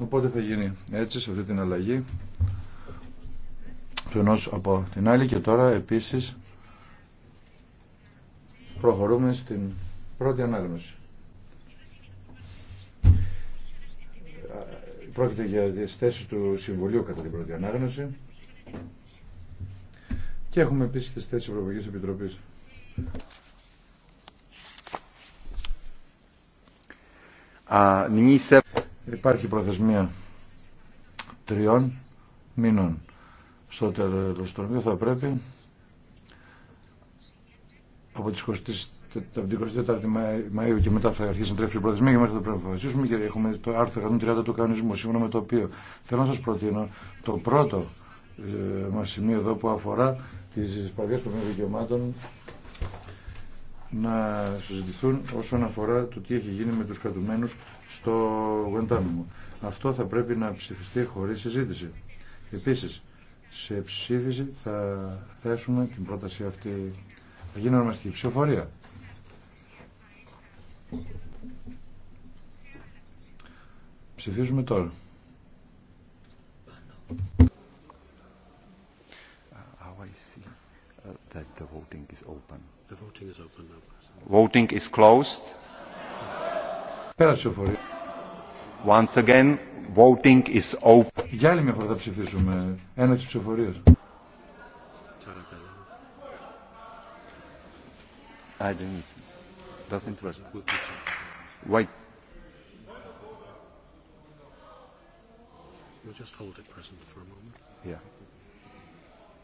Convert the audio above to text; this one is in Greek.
Οπότε θα γίνει έτσι σε αυτή την αλλαγή του ενός από την άλλη και τώρα επίσης προχωρούμε στην πρώτη ανάγνωση. Πρόκειται για τις θέσεις του Συμβουλίου κατά την πρώτη ανάγνωση και έχουμε επίσης τις θέσεις της Ευρωπαϊκής Επιτροπής. Υπάρχει προθεσμία τριών μήνων. Στο τέλος του θα πρέπει από τις 24 Μαΐου και μετά θα αρχίσει να τρέχει η προθεσμία και μέχρι θα πρέπει να αποφασίσουμε και έχουμε το άρθρο 130 του κανονισμού σύμφωνα με το οποίο θέλω να σας προτείνω το πρώτο ε, μας σημείο εδώ που αφορά τις παραβίες των δικαιωμάτων να συζητηθούν όσον αφορά το τι έχει γίνει με τους κρατουμένους στο Γουεντάνομο. Αυτό θα πρέπει να ψηφιστεί χωρίς συζήτηση. Επίσης, σε ψήφιση θα θέσουμε την πρόταση αυτή. Θα γίνει ονομαστική ψηφοφορία. Ψηφίζουμε τώρα that the voting is open. The voting is open now. Voting is closed. Once again, voting is open. Για άλλη μια φορά θα ψηφίσουμε. Έναξη ψηφοφορίας. I didn't. Doesn't work. Wait. You just hold it present for a moment. Yeah.